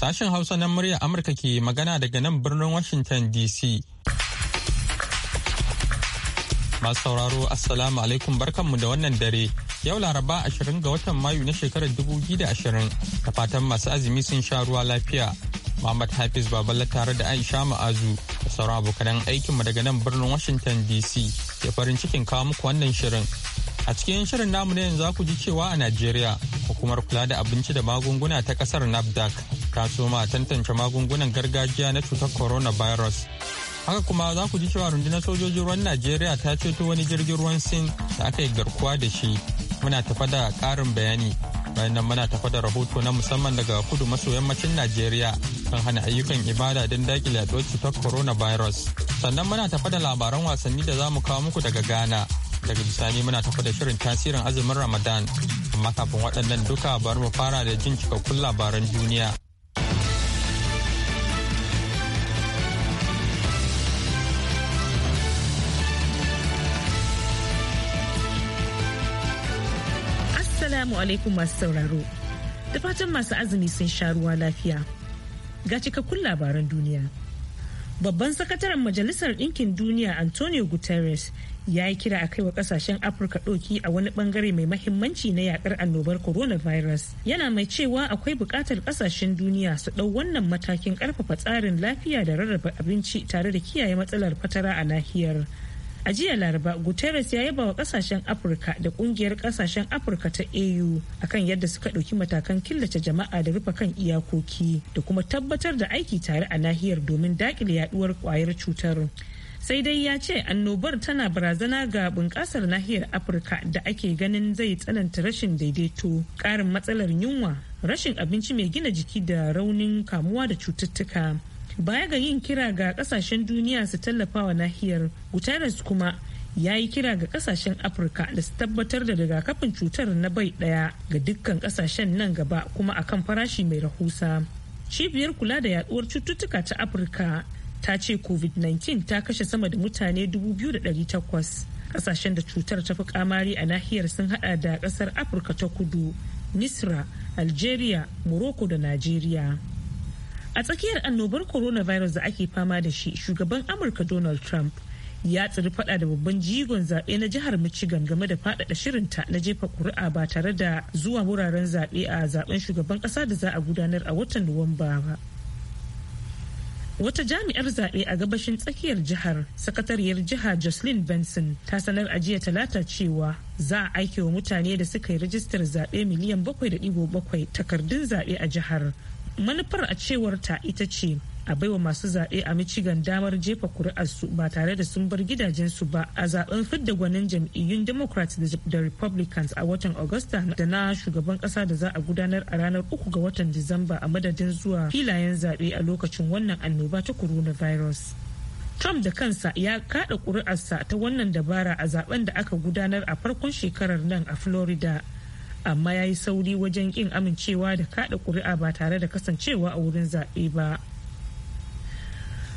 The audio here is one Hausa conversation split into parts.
Sashen Hausa na murya Amurka ke magana daga nan birnin Washington DC. Masu sauraro Assalamu alaikum barkanmu da wannan dare. Yau Laraba 20 ga watan Mayu na shekarar 2020 da fatan masu azumi sun sha ruwa lafiya. Muhammad Hafiz Baballa tare da Aisha Ma'azu da sauran abokan aikinmu daga nan birnin Washington DC Ke farin cikin kawo muku wannan shirin A cikin shirin namu na yanzu ku ji cewa a Najeriya hukumar kula da abinci da magunguna ta kasar NAFDAC ta soma tantance magungunan gargajiya na cutar coronavirus. Haka kuma za ku ji cewa rundunar sojojin ruwan Najeriya ta ceto wani jirgin ruwan Sin da aka yi garkuwa da shi. Muna tafa da ƙarin bayani. Bayan nan muna tafa da rahoto na musamman daga kudu maso yammacin Najeriya kan hana ayyukan ibada don daƙile yaduwar cutar coronavirus. Sannan muna tafa da labaran wasanni da za mu kawo muku daga Ghana. daga bisani muna tafi da shirin tasirin azumin ramadan amma kafin waɗannan duka bari mu fara da jin cikakkun labaran duniya Assalamu alaikum masu sauraro. Da fatan masu azumi sun sha ruwa lafiya. Ga cikakkun labaran duniya. Babban sakataren Majalisar Ɗinkin Duniya Antonio Guterres ya yi kira a kai wa kasashen afirka doki a wani bangare mai mahimmanci na yakar annobar coronavirus yana mai cewa akwai bukatar kasashen duniya su ɗau wannan matakin karfafa tsarin lafiya da rarraba abinci tare da kiyaye matsalar fatara a nahiyar a jiya laraba guterres ya yaba wa kasashen afirka da kungiyar kasashen afirka ta au akan yadda suka ɗauki matakan killace jama'a da rufe kan iyakoki da kuma tabbatar da aiki tare a nahiyar domin daƙile yaduwar kwayar cutar sai dai ya ce annobar tana barazana ga bunƙasar nahiyar afirka da ake ganin zai tsananta rashin daidaito ƙarin matsalar yunwa rashin abinci mai gina jiki da raunin kamuwa da cututtuka baya ga yin kira ga ƙasashen duniya su tallafa wa nahiyar guterres kuma ya yi kira ga ƙasashen afirka da su tabbatar da rigakafin cutar na bai ɗaya ga dukkan ƙasashen nan gaba kuma akan farashi mai rahusa cibiyar kula da yaduwar cututtuka ta afirka ta ce covid-19 ta kashe sama da mutane 2,800 kasashen da cutar ta fi kamari a nahiyar sun hada da kasar afirka ta kudu misra algeria morocco da nigeria a tsakiyar annobar coronavirus da ake fama da shi shugaban amurka donald trump ya tsiri fada da babban jigon zaɓe na jihar michigan game da faɗaɗa shirinta na jefa ƙuri'a ba tare da zuwa wuraren zaɓe a zaben shugaban ƙasa da za a gudanar a watan nuwamba ba wata jami'ar zaɓe a gabashin tsakiyar jihar sakatariyar jiha jocelyn benson ta sanar a jiya talata cewa za a aike wa mutane da suka yi rajistar zaɓe miliyan bakwai da takardun zaɓe a jihar manufar a cewar ita ce a baiwa masu zaɓe a Michigan damar jefa ƙuri'arsu ba tare da sun bar gidajensu ba a zaben fidda gwanin jam'iyyun Democrats da Republicans a watan Augusta da na shugaban ƙasa da za a gudanar a ranar uku ga watan Disamba a madadin zuwa filayen zaɓe a lokacin wannan annoba ta coronavirus. Trump da kansa ya kada ƙuri'arsa ta wannan dabara a zaben da aka gudanar a farkon shekarar nan a Florida. Amma ya yi sauri wajen kin amincewa da kada ƙuri'a ba tare da kasancewa a wurin zaɓe ba.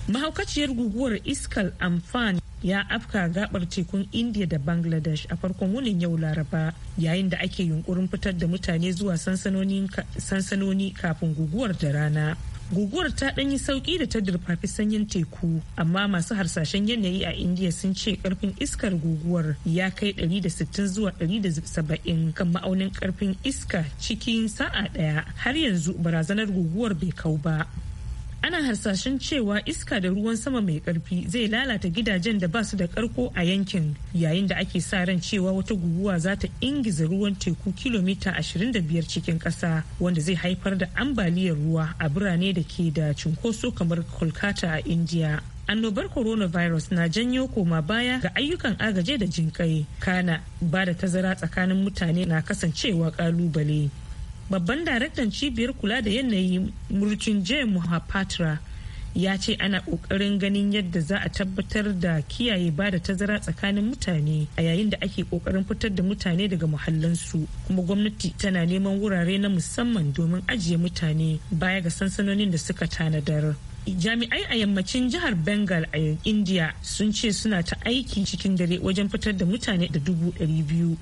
mahaukaciyar guguwar iskar amfan ya afka gabar tekun india da bangladesh a farkon wunin yau laraba yayin da ake yunkurin fitar da mutane zuwa sansanoni kafin guguwar da rana guguwar ta ɗanyi sauƙi da ta durfafi sanyin teku amma masu harsashen yanayi a indiya sun ce karfin iskar guguwar ya kai 160 zuwa 170 kan ma'aunin karfin iska cikin sa'a ɗaya har yanzu barazanar guguwar bai kau ba ana harsashen cewa iska da ruwan sama mai karfi zai lalata gidajen da basu da karko a yankin yayin da ake sa ran cewa wata guguwa za ta ingiza ruwan teku kilomita 25 cikin ƙasa wanda zai haifar da ambaliyar ruwa a birane da ke da cunkoso kamar kolkata a india annobar coronavirus na janyo koma baya ga ayyukan agaje da jinkai kana ba da tazara tsakanin mutane na kasancewa kalubale babban daraktan cibiyar kula da yanayi murcin muhapatra ya ce ana kokarin ganin yadda za a tabbatar da kiyaye ba da tazara tsakanin mutane a yayin da ake kokarin fitar da mutane daga muhallansu kuma gwamnati tana neman wurare na musamman domin ajiye mutane baya ga sansanonin da suka tanadar jami'ai a yammacin jihar bengal a india sun ce suna ta aiki cikin dare wajen fitar da mutane da dubu biyu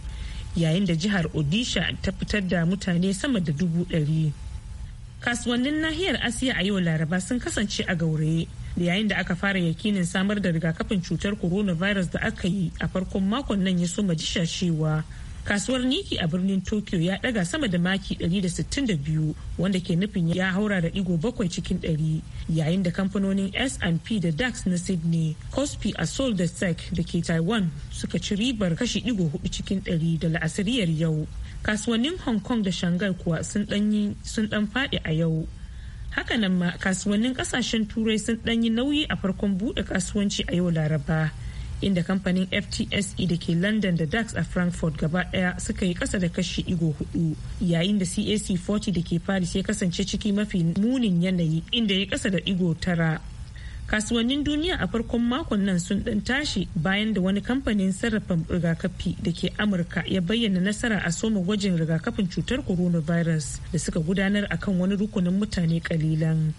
yayin da jihar odisha ta fitar da mutane sama da dubu ɗari kasuwannin nahiyar asiya a yau laraba sun kasance a gauraye da yayin da aka fara yakinin samar da rigakafin cutar coronavirus da aka yi a farkon makon nan ya so majishashewa kasuwar niki a birnin tokyo ya daga sama da maki 162 wanda ke nufin ya haura da digo bakwai cikin 100 yayin da kamfanonin S&P da DAX na Sydney, Kospi a sol da SEC da ke Taiwan suka ci ribar kashi digo hudu cikin 100 da la'asiriyar yau. Kasuwannin Hong Kong da Shanghai kuwa sun dan faɗi a yau. Hakanan ma kasuwannin kasashen turai sun yi nauyi a farkon buɗe kasuwanci a yau Laraba. inda kamfanin ftse da ke london da dax a frankfurt gaba daya suka yi kasa da kashi igo hudu yayin da cac 40 da ke paris ya kasance ciki mafi munin yanayi inda ya kasa da igo tara kasuwannin duniya a farkon makon nan sun dan tashi bayan da wani kamfanin sarrafa rigakafi da ke amurka ya bayyana nasara a soma gwajin rigakafin cutar coronavirus da suka gudanar akan wani rukunin mutane kalilan.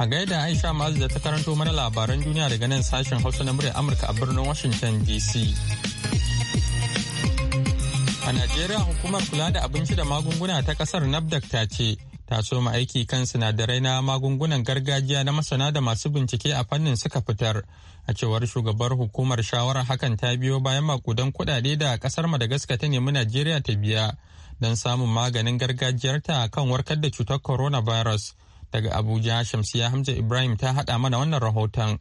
A gaida Aisha Mazu da ta karanto mana labaran duniya daga nan sashen Hausa na murya Amurka a birnin Washington DC. A Najeriya hukumar kula da abinci da magunguna ta kasar NAFDAC ta ce ta soma aiki kan sinadarai na magungunan gargajiya na masana da masu bincike a fannin suka fitar. A cewar shugabar hukumar shawarar hakan ta biyo bayan makudan kudade da kasar Madagascar ta nemi Najeriya ta biya don samun maganin gargajiyarta kan warkar da cutar coronavirus. virus. Daga Abuja, Shamsiya Hamza Ibrahim ta haɗa mana wannan rahoton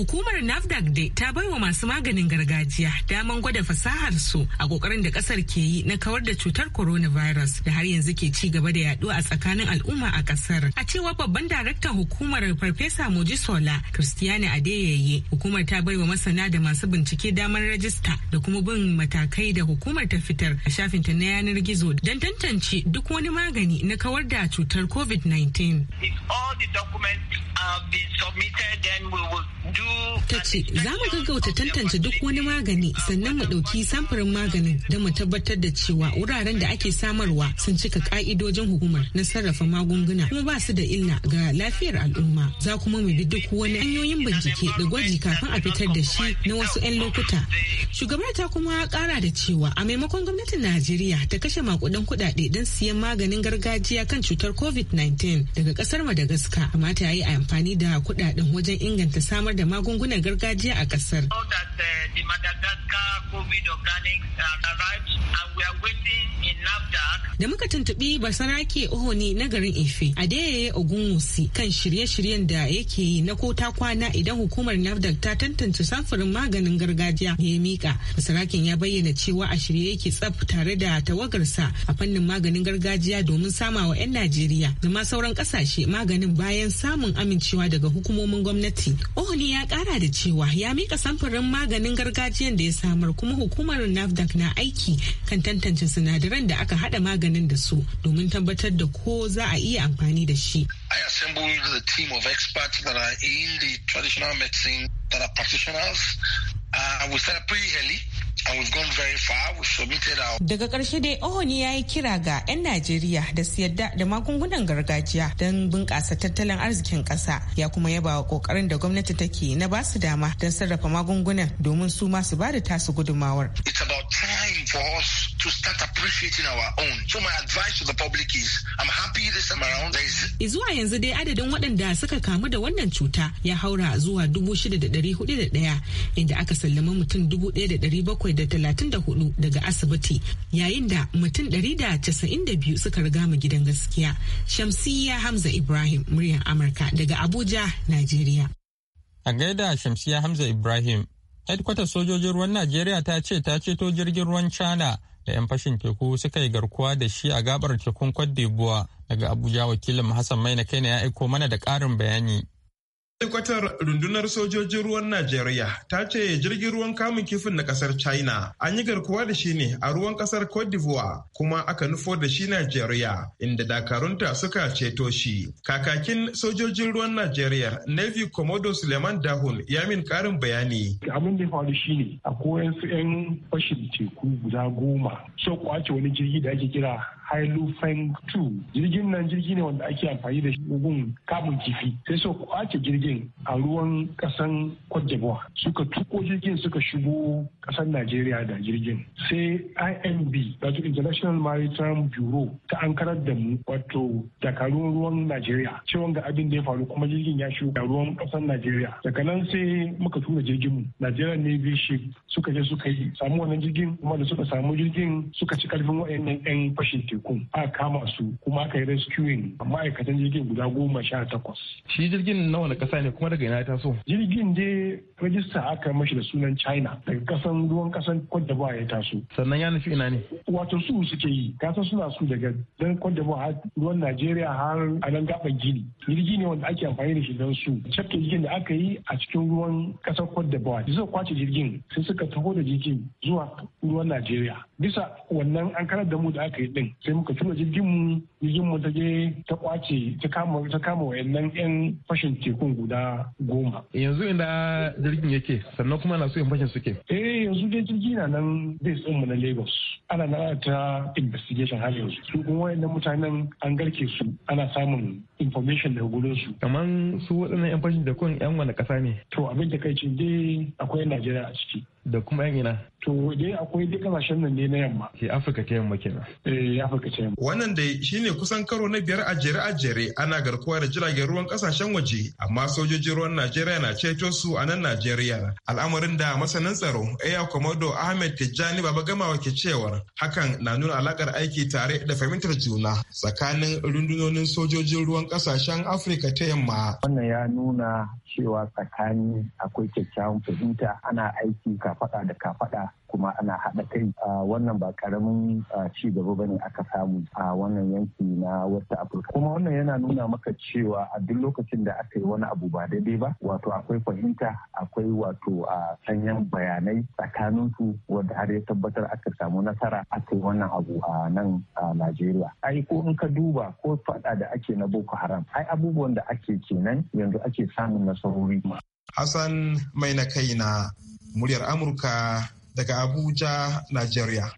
Hukumar NAFDAC dai ta baiwa masu maganin gargajiya daman gwada fasahar su a kokarin da kasar ke yi na kawar da cutar coronavirus da har yanzu ke ci gaba da yaduwa a tsakanin al'umma a kasar. A cewa babban daraktan hukumar Farfesa Mojisola Christiane Adeyeye, hukumar ta baiwa masana da masu bincike damar rajista da kuma bin matakai da hukumar ta fitar a shafin ta na yanar gizo don tantance duk wani magani na kawar da cutar COVID-19. If all the documents have been submitted, then we will do ta ce za mu gaggauta tantance duk wani magani sannan mu ɗauki samfurin maganin da mu tabbatar da cewa wuraren da ake samarwa sun cika ƙa'idojin hukumar na sarrafa magunguna kuma ba su da illa ga lafiyar al'umma za kuma mu bi duk wani hanyoyin bincike da gwaji kafin a fitar da shi na wasu 'yan lokuta shugabar ta kuma kara da cewa a maimakon gwamnatin najeriya ta kashe makudan kuɗaɗe don siyan maganin gargajiya kan cutar covid-19 daga kasar madagascar kamata ya yi amfani da kuɗaɗen wajen inganta samar da magungunan gargajiya a kasar. Da muka tuntuɓi Basarake Ohoni na garin Efe, Adeyeye Ogunwusi kan shirye-shiryen da yake yi na ko ta kwana idan hukumar nafdak ta tantance samfurin maganin gargajiya da ya mika. Basaraken ya bayyana cewa a shirye yake tsaf tare da tawagarsa a fannin maganin gargajiya domin sama wa 'yan Najeriya da ma sauran kasashe maganin bayan samun amincewa daga hukumomin gwamnati. Ohoni ya kara da cewa ya mika samfurin maganin gargajiyan da ya samar kuma hukumar NAFDAC na aiki kan tantance sinadaran da da aka hada maganin da su domin tabbatar da ko za a iya amfani da shi. I assembled the team of experts that are in the traditional medicine that are practitioners. Uh, we started pretty early Daga ƙarshe dai Ohoni ya yi kira ga 'yan Najeriya da su yadda da magungunan gargajiya don bunƙasa tattalin arzikin ƙasa ya kuma yaba wa ƙoƙarin da gwamnati take na ba su dama don sarrafa magungunan domin su masu ba da tasu gudumawar. It's about time for us to start appreciating our own. So my advice to the public is I'm happy this time around. Is... izuwa yanzu dai adadin waɗanda suka kamu da wannan cuta ya haura zuwa 6,401 inda aka sallama mutum dubu da 1,734 daga asibiti yayin da mutum 192 suka riga mu gidan gaskiya. Shamsiya Hamza Ibrahim muryar Amurka daga Abuja, Najeriya. A gaida Shamsiya Hamza Ibrahim, headquarter sojojin ruwan Najeriya ta ce ta ceto jirgin ruwan China da 'yan fashin teku suka yi garkuwa da shi a gabar tekun Cote daga Abuja wakilin Hassan Maina Kaina ya aiko mana da ƙarin bayani. Kwatar rundunar sojojin ruwan Najeriya ta ce jirgin ruwan kamun kifin na kasar China an yi garkuwa da shi ne a ruwan kasar Cote d'Ivoire kuma aka nufo da shi Najeriya inda dakarunta suka ceto shi. Kakakin sojojin ruwan Najeriya Navy Komodo Suleiman Dahun ya min karin bayani. Abin da ya faru shi ne a koyan su 'yan fashin teku guda goma. Sau kwace wani jirgi da ake kira feng 2 jirgin nan jirgi ne wanda ake amfani da gun kamun kifi sai so kwace jirgin a ruwan kasan Cote suka tuko jirgin suka shigo kasan Najeriya da jirgin sai IMB wato International Maritime Bureau ta ankarar da mu wato dakarun ruwan Najeriya cewa ga abin da ya faru kuma jirgin ya shigo ruwan kasan Najeriya daga nan sai muka tura jirgin mu ne Navy ship suka je suka yi samu wannan jirgin kuma da suka samu jirgin suka ci karfin wa'annan yan fashin tekun a kama su kuma aka yi a ma'aikatan jirgin guda goma sha takwas. Shi jirgin nawa na kasa ne kuma daga ina ta so. Jirgin dai rajista aka mashi da sunan China daga kasan ruwan kasan kwadda ya taso. Sannan ya nufi ina ne? Wato su suke yi kasan suna su daga dan kwadda ba ruwan Najeriya har a nan gaban Gini. Jirgi ne wanda ake amfani da shi don su. cakke jirgin da aka yi a cikin ruwan kasar Cote d'Ivoire. kwace jirgin sai suka taho da jirgin zuwa ruwan Najeriya. Bisa wannan an karar da mu da aka yi din sai muka tura jirgin mu jirgin mu ta je ta kwace ta kama ta kama wayannan yan fashin tekun guda goma yanzu ina jirgin yake sannan kuma na so yan fashin suke eh yanzu dai jirgi na nan zai din mu na Lagos ana na ta investigation har yanzu su kuma wayannan mutanen an garke su ana samun information daga gudun su kamar su waɗannan yan fashin tekun yan wani ƙasa ne to abin da kai dai akwai Najeriya a ciki da kuma yan ina. To waje akwai duk kasashen nan ne na yamma. Ke Afirka ta yamma kenan. Eh Afirka ta yamma. Wannan dai shine kusan karo na biyar a jere a jere ana garkuwa da jiragen ruwan kasashen waje amma sojojin ruwan Najeriya na ceto su a nan Najeriya. Al'amarin da masanin tsaro Eya Komodo Ahmed Tijjani Baba Gamawa ke cewar hakan na nuna alakar aiki tare da fahimtar juna tsakanin rundunonin sojojin ruwan kasashen Afirka ta yamma. Wannan ya nuna cewa tsakani akwai kyakkyawan fahimta ana aiki ka faɗa da kafaɗa kuma ana haɗa kai wannan ba karamin ci gaba ba ne aka samu a wannan yanki na west africa kuma wannan yana nuna maka cewa a duk lokacin da aka yi wani abu ba daidai ba wato akwai fahimta akwai wato a sanyan bayanai tsakanin su wanda har ya tabbatar aka samu nasara aka yi wannan abu a nan a najeriya ai ko in ka duba ko faɗa da ake na boko haram ai abubuwan da ake kenan yanzu ake samun nasarori hassan mai na kai na. muryar Amurka daga Abuja, Najeriya.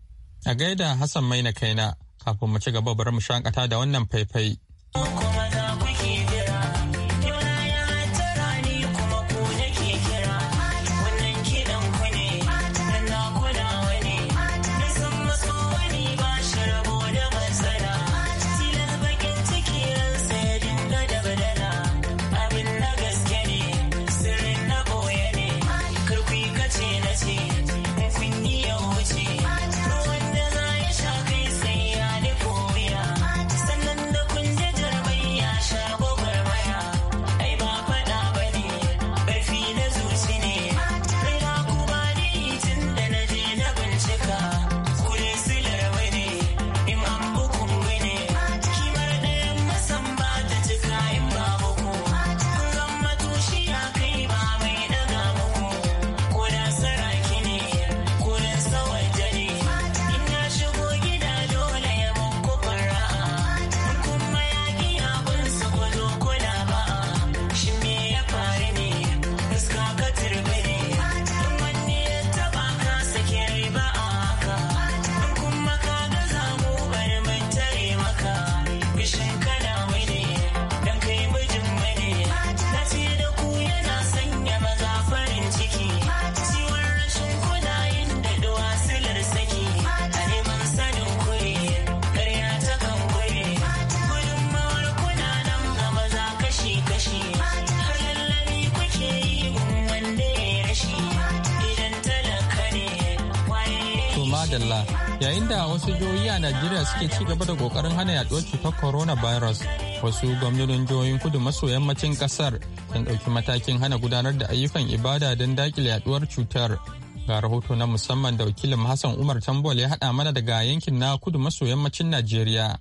A gaida Hassan Maina kaina kafin mu ci gaba bari mu shakata da wannan faifai. To madalla yayin da wasu jihohi a Najeriya suke ci gaba da kokarin hana yaduwar cutar corona virus, wasu gwamnonin jihohin kudu maso yammacin kasar sun ɗauki matakin hana gudanar da ayyukan ibada don dakile yaduwar cutar. Ga rahoto na musamman da wakilin Hassan Umar Tambol ya haɗa mana daga yankin na kudu maso yammacin Najeriya.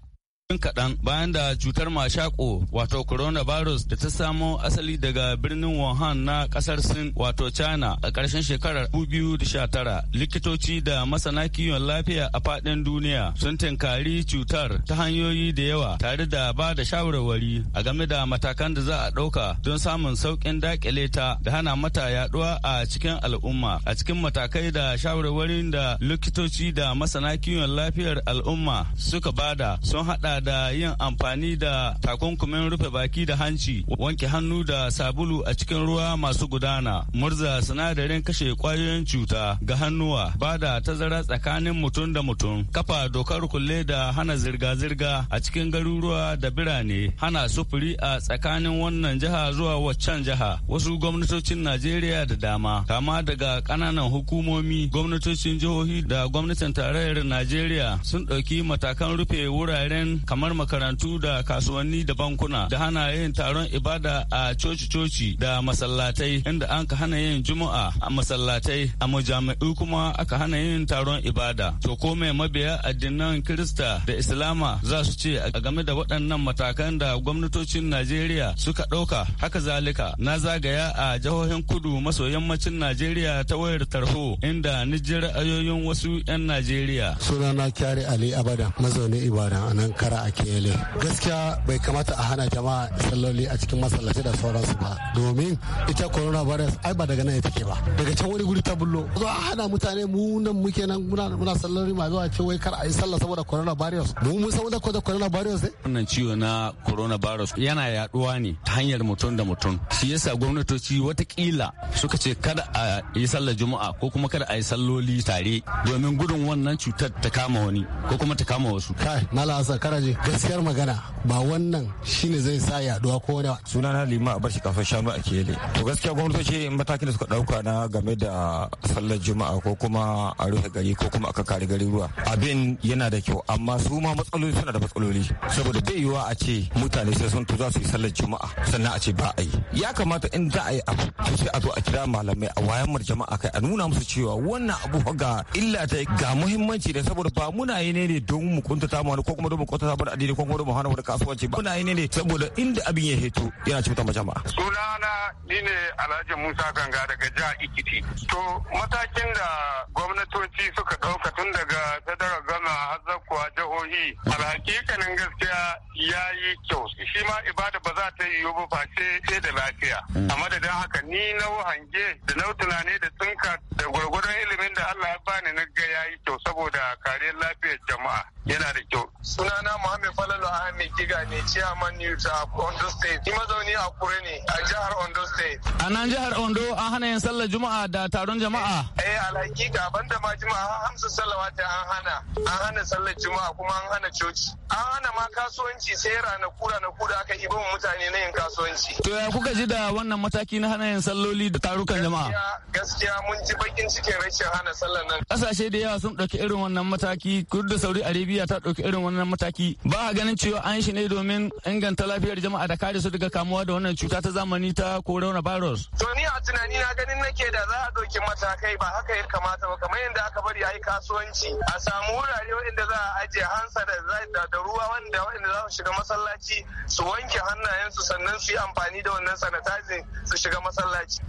Tun kaɗan bayan da cutar mashako wato coronavirus da ta samo asali daga birnin Wuhan na ƙasar Sin wato China a ƙarshen shekarar 2019 likitoci da masana kiwon lafiya a faɗin duniya sun tinkari cutar ta hanyoyi da yawa tare da ba da shawarwari a game da matakan da za a ɗauka don samun sauƙin daƙile ta da hana mata yaɗuwa a cikin al'umma a cikin matakai da shawarwarin da likitoci da masana kiwon lafiyar al'umma suka bada sun haɗa da yin amfani da takunkumin rufe baki da hanci wanke hannu da sabulu a cikin ruwa masu gudana murza sinadarin kashe kwayoyin cuta ga hannuwa ba da tazara tsakanin mutum da mutum kafa dokar kulle da hana zirga-zirga a cikin garuruwa da birane hana sufuri a tsakanin wannan jiha zuwa waccan jiha wasu gwamnatocin najeriya da dama kama daga kananan hukumomi gwamnatocin jihohi da gwamnatin tarayyar najeriya sun ɗauki matakan rufe wuraren kamar makarantu da kasuwanni da bankuna da hana yin taron ibada a coci-coci da masallatai inda an ka hana yin juma'a a masallatai a majami'u kuma aka hana yin taron ibada to ko mai mabiya addinan kirista da islama za su ce a game da waɗannan matakan da gwamnatocin najeriya suka ɗauka haka zalika na zagaya a jihohin kudu maso yammacin najeriya ta wayar tarho inda nijiyar ayoyin wasu 'yan najeriya sunana kyari ali abada mazaunin ibadan a nan kara al'ada a kele gaskiya bai kamata a hana jama'a salloli a cikin masallaci da sauransu ba domin ita corona virus ai ba daga nan ya take ba daga can wani guri ta bullo zo a hana mutane mu nan muke nan muna muna salloli ma zuwa ce wai kar a yi sallah saboda corona virus mu mun san wanda ko da corona virus ne wannan ciwo na corona virus yana yaduwa ne ta hanyar mutum da mutum shi yasa gwamnatoci watakila suka ce kada a yi sallar juma'a ko kuma kada a yi salloli tare domin gudun wannan cutar ta kama wani ko kuma ta kama wasu kai mala asa kara waje eh, gaskiyar magana ba wannan shine zai sa yaduwa ko da. suna na lima a barci kafin shanu a kele to gaskiya gwamnatoci matakin da suka dauka na game da sallar juma'a ko kuma a rufe gari ko kuma aka kare gari ruwa abin yana da kyau amma su ma matsaloli suna da matsaloli saboda bai yiwa a ce mutane sai sun za su yi sallar juma'a sannan a ce ba a yi ya kamata in za a yi abu sai a zo a kira malamai a wayan mar jama'a kai a nuna musu cewa wannan abu ga illa ta ga muhimmanci da saboda ba muna yi ne don mu kuntata mu ko kuma don mu kuntata sabon addini ko kuma mahana wani kasuwanci ba. Kuna yi ne saboda inda abin ya heto yana cutar ma jama'a. Sunana ni ne Alhaji Musa Ganga daga jihar Ikiti. To matakin da gwamnatoci suka ɗauka tun daga sadarar gama har zakkuwa jihohi alhakikanin gaskiya ya yi kyau. Shi ma ibada ba za ta yi yiwu ba ce sai da lafiya. A madadin haka ni na hange da na tunani da tsinka da gwargwadon ilimin da Allah ya bani na ga ya yi kyau saboda kariyar lafiyar jama'a yana da kyau. Sunana Muhammad Falalu Ahmed Giga ne chairman news a Ondo State. Ima zaune a Kure ne a jihar Ondo State. A nan jihar Ondo an hana yin sallar Juma'a da taron jama'a. Eh, eh alhakika banda ma Juma'a hamsin salawata an hana. An hana sallar Juma'a kuma an hana coci. An hana ma kasuwanci sai kura na kura aka ibo mutane na yin kasuwanci. To ya kuka ji da wannan mataki na hana yin salloli da tarukan jama'a? Gaskiya mun ji bakin cikin rashin hana sallar nan. Kasashe da yawa sun ɗauki irin wannan mataki, Kudu da Saudi Arabia ta ɗauki irin wannan mataki. ba a ganin cewa an shi ne domin inganta lafiyar jama'a da kare su daga kamuwa da wannan cuta ta zamani ta coronavirus. to ni a tunani na ganin nake da za a ɗauki matakai ba haka ya kamata ba kamar yadda aka bari a yi kasuwanci a samu wurare wanda za a ajiye hansa da ruwa wanda wanda za su shiga masallaci su wanke hannayensu sannan su yi amfani da wannan sanitizing su shiga masallaci.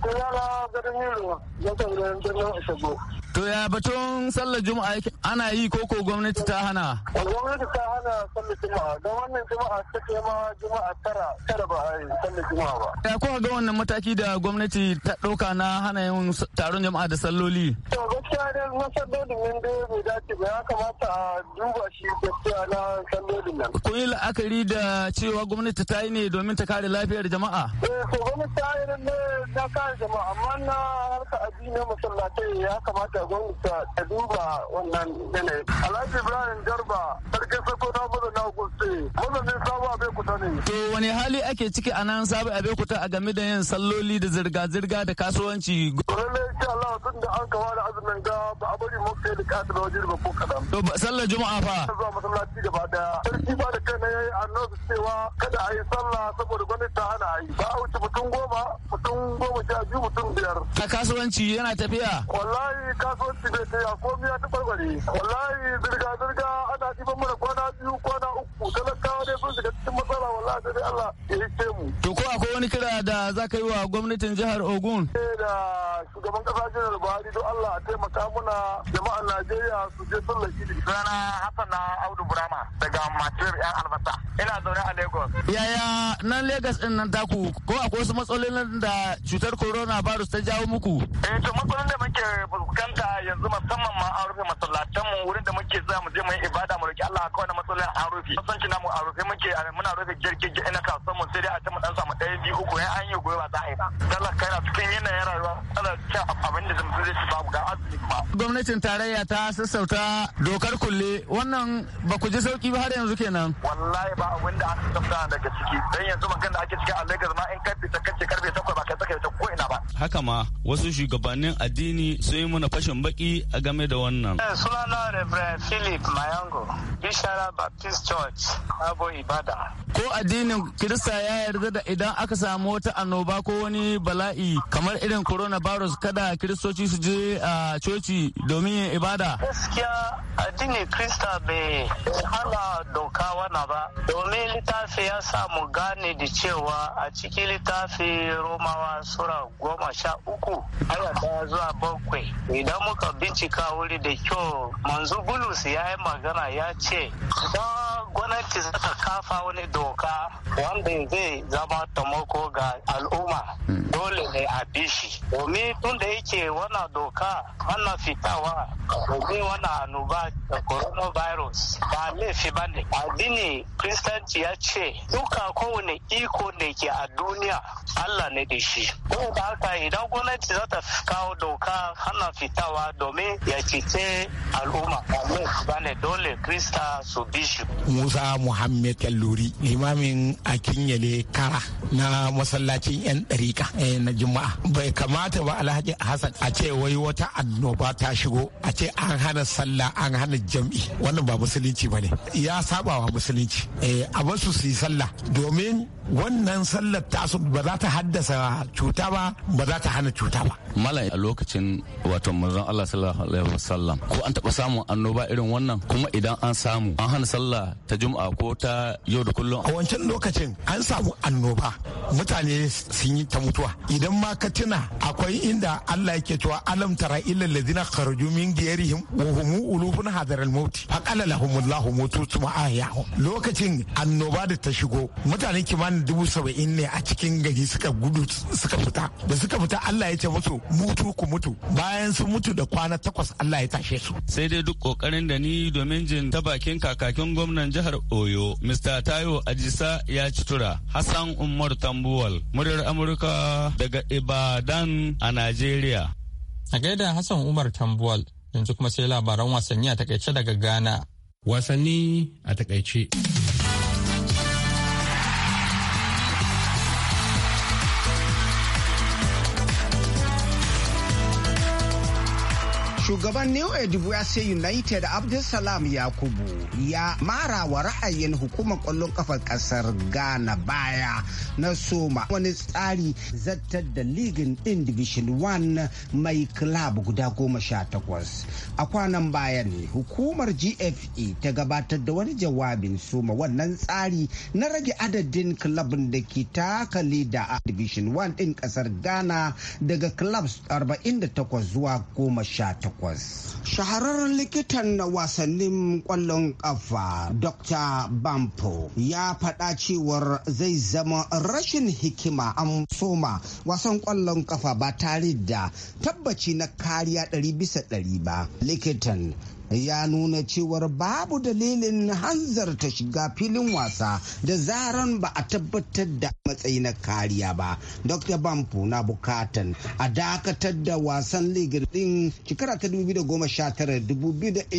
To ya batun sallar juma'a ana yi koko gwamnati ta hana? Gwamnati ta hana sallar juma'a don wannan juma'a ta ce ma juma'a tara tara ba a yi sallar juma'a ba. Ya kuka ga wannan mataki da gwamnati ta ɗauka na hana yin taron jama'a da salloli? To gaskiya da masallolin nan da bai dace ba ya kamata a duba shi gaskiya na sallolin nan. Kun yi la'akari da cewa gwamnati ta yi ne domin ta kare lafiyar jama'a? Eh, to gwamnati ta yi ne na kare jama'a amma na matsayi na masallatai ya kamata gwamnati ta duba wannan yanayi. Alhaji Ibrahim sarkin Sokoto Sabo ne. To wani hali ake ciki a nan Sabo kuta a game da yin salloli da zirga-zirga da kasuwanci? Lallai insha Allah tun da an kawo da azumin ga ba a bari mu kai da kasa da wajen ba ko kadan. To sallar Juma'a fa? Zuwa masallaci gaba daya. Sarki ba da kai na yayi annabi cewa kada a yi sallah saboda gwamnati ta hana a yi. Ba a wuce mutum goma, mutum goma sha biyu, mutum biyar. A kasuwanci yana tafiya? Wallahi kasuwanci bai tafiya komi ya ta barbare. Wallahi zirga zirga ana ɗiban mana kwana biyu kwana uku talakawa ne sun shiga cikin matsala wallahi sai Allah ya hisse mu. To ko akwai wani kira da za ka yi wa gwamnatin jihar Ogun? Eh, da shugaban kasa Janar Buhari don Allah a taimaka mana jama'ar Najeriya su je sallar Idi. Rana Hassan na Audu Burama daga Matir 'yan albasa. Ina zaune a Lagos. Yaya nan Lagos ɗin nan taku ko akwai wasu matsalolin da cutar corona virus ta jawo muku? Eh to da muke fuskanta yanzu musamman ma an rufe masallatan mu wurin da muke za mu je mu yi ibada mu roki Allah kawai da matsalolin an rufe. Kusanci namu a rufe muke muna rufe jirgin na kasuwar mu sai dai a ta mu dan samu ɗaya biyu uku ya an yi gobe ba za a yi ba. kai na cikin yanayin rayuwa Allah cin abin da zai ci babu ga azumi ba. Gwamnatin tarayya ta sassauta dokar kulle wannan ba ku ji sauki ba har yanzu kenan. Wallahi ba abin da aka tsamta daga ciki dan yanzu magana da ake cikin a Lagos ma in karfe ta kace karfe takwas ba kai saka ta ko ina ba. Haka ma wasu shugaban shugabannin addini sun yi mana fashin baki a game da wannan. Eh, sunana Reverend Philip Mayango, Bishara Baptist Church, Abo Ibada. Ko addinin Kirista ya yarda da idan aka samu wata annoba ko wani bala'i kamar irin coronavirus kada kiristoci su je a coci domin yin ibada. Gaskiya addinin Kirista bai hana doka wana ba, domin littafi ya samu gane da cewa a cikin littafi Romawa Sura goma sha uku. daya zuwa bakwai idan muka bincika wuri da kyau manzu bulus ya yi magana ya ce idan gwamnati zata kafa wani doka wanda zai zama tamako ga al'umma dole ne a bishi domin tun da yake wana doka wannan fitawa domin wana annoba da coronavirus ba laifi ba ne addini kristanci ya ce duka kowane iko ne ke a duniya allah ne da shi saboda haka idan gwamnati za ta kawo doka hana fitawa domin ya cice al'umma ne dole krista su bishu musa muhammed kalluri limamin akinyele kara na masallacin yan ɗarika eh, na juma'a bai kamata ba alhaji hassan a ce wai wata annoba ta shigo a ce an hana sallah an hana jam'i wannan ba musulunci ba ne ya saba wa musulunci eh, a basu su yi sallah domin wannan sallar tasu ba za ta haddasa cuta ba ba za ta hana cuta ba a lokacin wato manzon Allah sallallahu alaihi wasallam ko an taba samun annoba irin wannan kuma idan an samu an hana sallah ta juma'a ko ta yau da kullum a wancan lokacin an samu annoba mutane sun yi ta mutuwa idan ma ka tuna akwai inda Allah yake cewa alam tara illal ladina kharaju min diyarihim wa hum ulufun hadar al maut lahumullahu mutu tuma ayahu lokacin annoba da ta shigo mutane kimanin dubu saba'in ne a cikin gari suka gudu suka fita da suka fita Allah ya ce musu mu hutu ku mutu bayan su mutu da kwana takwas Allah ya tashe su. Sai dai duk kokarin da ni domin jin ta bakin kakakin gwamnan jihar Oyo Mr. Tayo Ajisa ya ci tura Hassan Umar Tambuwal muryar Amurka daga Ibadan a Najeriya. A gaida Hassan Umar Tambuwal yanzu kuma sai labaran wasanni a takaice daga Ghana. Wasanni a takaice. Shugaban New Edwese United Abdulsalam Yakubu ya mara wa ra'ayin hukumar kwallon kafar kasar Ghana baya na soma wani tsari zartar da ligin din Division 1 mai club guda goma sha takwas. A kwanan baya ne hukumar GFE ta gabatar da wani jawabin soma wannan tsari na rage adadin club da ke taka leda a Division 1 din kasar Ghana daga clubs 48 zuwa goma sha takwas. takwas. Shahararren likitan wasannin kwallon kafa Dr. Bampo ya faɗa cewar zai zama rashin hikima an soma wasan kwallon kafa ba tare da tabbaci na kariya ɗari bisa ɗari ba. Likitan ya nuna cewar babu dalilin hanzarta shiga filin wasa da zaran ba a tabbatar da matsayi na kariya ba dr bampu na bukatan a dakatar da wasan ligar din shekara ta 2019-2020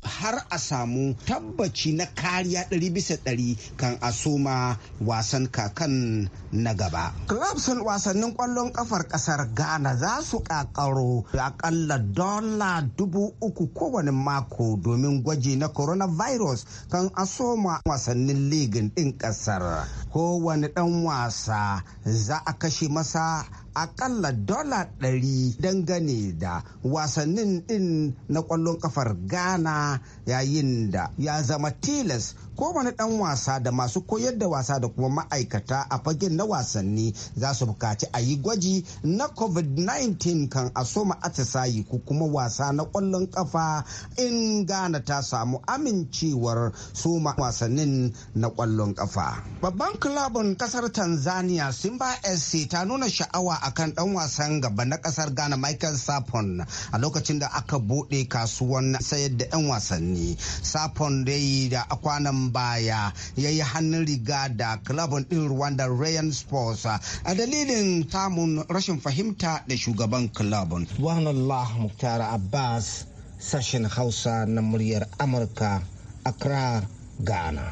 har a samu tabbaci na kariya 100 bisa 100 kan a soma wasan kakan na gaba sun wasannin kwallon kafar kasar ghana za su kakaro akalla dola dubu uku kowace kowane mako domin gwaji na coronavirus kan asoma wasannin ligin ɗin ƙasar. Kowane ɗan wasa za a kashe masa akalla dola ɗari dangane da wasannin ɗin na kwallon kafar Ghana yayin da ya zama tilas ko wani dan wasa da masu koyar da wasa da kuma ma'aikata a fagen na wasanni za su bukaci a yi gwaji na covid-19 kan a soma atisayi ko kuma wasa na kwallon kafa in ghana ta samu amincewar soma wasannin na kwallon kafa. babban kulabun kasar tanzania simba sc ta nuna sha'awa akan dan wasan gaba na kasar ghana michael sapon a lokacin da aka bude kasuwan sayar da 'yan wasanni ne sapon yi da kwanan baya ya yi hannun riga da klabin din rwanda Rayon sports a dalilin samun rashin fahimta da shugaban klabin wahanallah muktar abbas sashen hausa na muryar amurka accra ghana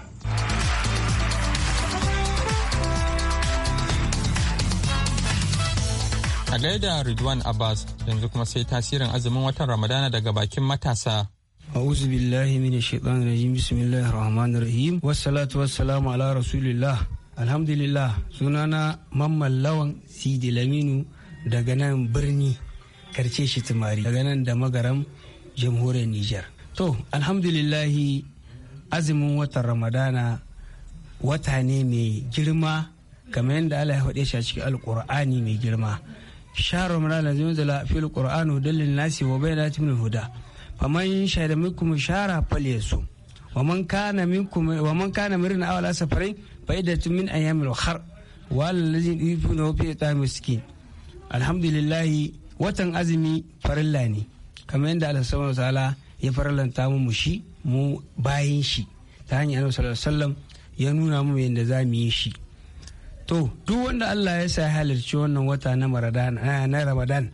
a gaida Ridwan Abbas yanzu kuma sai tasirin azumin watan Ramadana daga bakin matasa. أعوذ بالله من الشيطان الرجيم بسم الله الرحمن الرحيم والصلاة والسلام على رسول الله الحمد لله سنانا ممن لون سيدي لمينو daga nan birni karce shi tumari daga nan da magaram jamhuriyar Nijar. To, alhamdulillahi azumin watan Ramadana wata ne mai girma kamar yadda Allah ya faɗe shi a cikin alkur'ani mai girma. Shahar Ramadan zai zala fil Qur'anu dallin nasi wa bayyana min huda. faman shahida minkum shara falyasu waman kana minkum waman kana mirin awala safarin faidatu min ayyamil ukhar wal ladzi yufuna fi ta'am miskin alhamdulillah watan azumi farilla ne kamar yadda Allah subhanahu wa ya farallanta mu shi mu bayan shi ta hanyar Annabi sallallahu ya nuna mu yadda za mu yi shi to duk wanda allah ya sa halarci wannan wata eh, na ramadan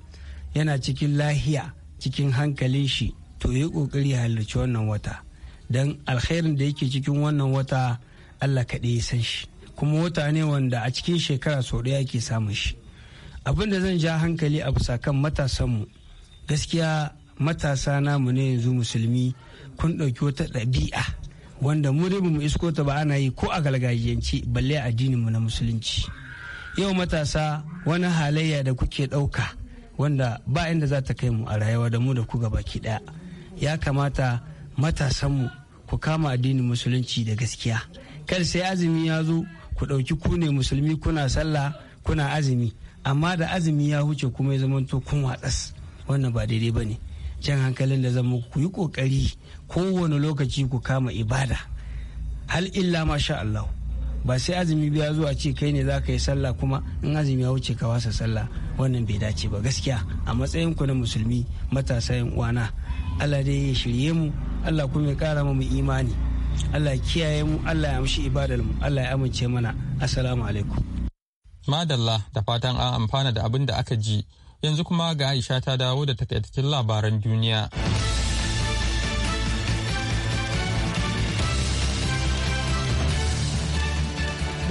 yana cikin lahiya cikin hankalin shi to yi kokari halarci wannan wata don alkhairin da yake cikin wannan wata allah kaɗai ya san shi kuma wata ne wanda a cikin shekara sau ɗaya ke samun shi abin da zan ja hankali a bisa kan matasanmu gaskiya matasa namu ne yanzu musulmi kun ɗauki wata ɗabi'a wanda mu dai mu isko ta ba ana yi ko a gargajiyance balle mu na musulunci yau matasa wani halayya da kuke ɗauka wanda ba inda za ta kai mu a rayuwa da mu da ku gaba ki ɗaya ya kamata matasanmu ku kama addinin musulunci da gaskiya kar sai azumi ya zo ku ɗauki kune musulmi kuna sallah kuna azumi amma da azumi ya huce kuma ya zamanto kun watsas wannan ba daidai ba ne jan hankalin da zama ku yi ƙoƙari kowane lokaci ku kama ibada hal illa masha Allah ba sai azumi ya zo a ce kai ne za ka yi sallah kuma in azumi ya wuce ka wasa sallah wannan bai dace ba gaskiya a matsayin ku na musulmi matasa yan uwana Allah dai ya shirye mu Allah kuma ya kara mu imani Allah kiyaye mu Allah ya amshi ibadar mu Allah ya amince mana assalamu alaikum madalla da fatan an amfana da abin da aka ji yanzu kuma ga Aisha ta dawo da takaitattun labaran duniya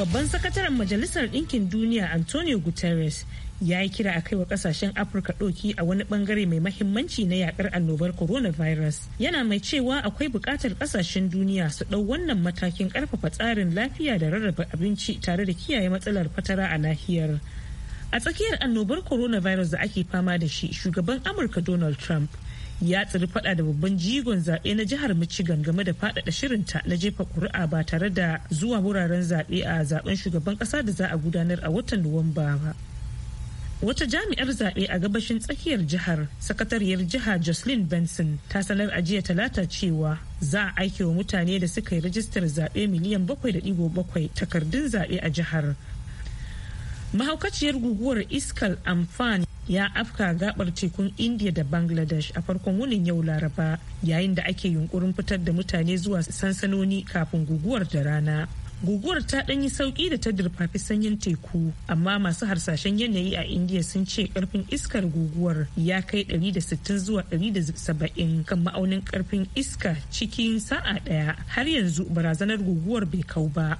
babban sakataren majalisar ɗinkin duniya antonio guterres ya yi kira a kai wa kasashen afirka doki a wani bangare mai mahimmanci na yakar annobar coronavirus yana mai cewa akwai buƙatar kasashen duniya su ɗau wannan matakin ƙarfafa tsarin lafiya da rarraba abinci tare da kiyaye matsalar fatara a nahiyar a tsakiyar annobar coronavirus da ake fama da shi shugaban amurka donald trump ya tsiri fada da babban jigon zaɓe na jihar michigan game da faɗaɗa shirinta na jefa ƙuri'a ba tare da zuwa wuraren zaɓe a zaben shugaban ƙasa da za a gudanar a watan nuwamba ba wata jami'ar zaɓe a gabashin tsakiyar jihar sakatariyar jiha jocelyn benson ta sanar a jiya talata cewa za a aike wa mutane da suka yi rajistar zaɓe miliyan 7.7 takardun zaɓe a jihar mahaukaciyar guguwar iskal amfani ya afka gabar tekun india da bangladesh a farkon wunin yau laraba yayin da ake yunkurin fitar da mutane zuwa sansanoni kafin guguwar da rana guguwar ta ɗanyi sauki da ta durfafi sanyin teku amma masu harsashen yanayi a indiya sun ce karfin iskar guguwar ya kai 160 zuwa 170 kan ma'aunin karfin iska cikin sa'a ɗaya har yanzu barazanar guguwar bai kau ba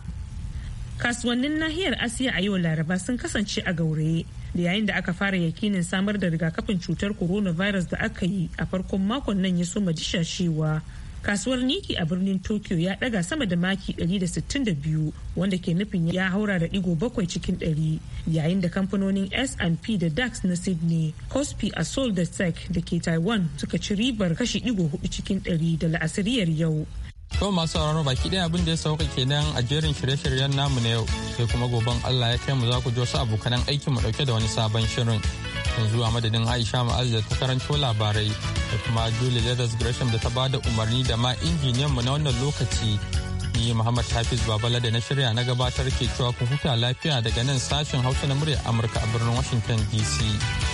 kasuwannin nahiyar asiya a yau laraba sun kasance a gauraye da yayin da aka fara yakinin samar da rigakafin cutar coronavirus da aka yi a farkon makon nan ya soma dishashewa kasuwar niki a birnin tokyo ya daga sama da maki 162 wanda ke nufin ya haura da digo bakwai cikin 100 yayin da kamfanonin s&p da dax na sydney cospi a sol da sec da ke taiwan suka ci ribar kashi digo hudu cikin 100 da la'asiriyar yau To masu sauraro baki ɗaya abin da ya sauka kenan a jerin shirye-shiryen namu na yau sai kuma goben Allah ya kai mu za ku ji wasu abokanan aikin mu ɗauke da wani sabon shirin. yanzu a madadin aisha ma'az da ta karanto labarai da kuma julie leathers gresham da ta ba da umarni da ma injiniyan mu na wannan lokaci ni muhammad hafiz babala da na shirya na gabatar ke cewa ku huta lafiya daga nan sashen hausa na murya amurka a birnin washington dc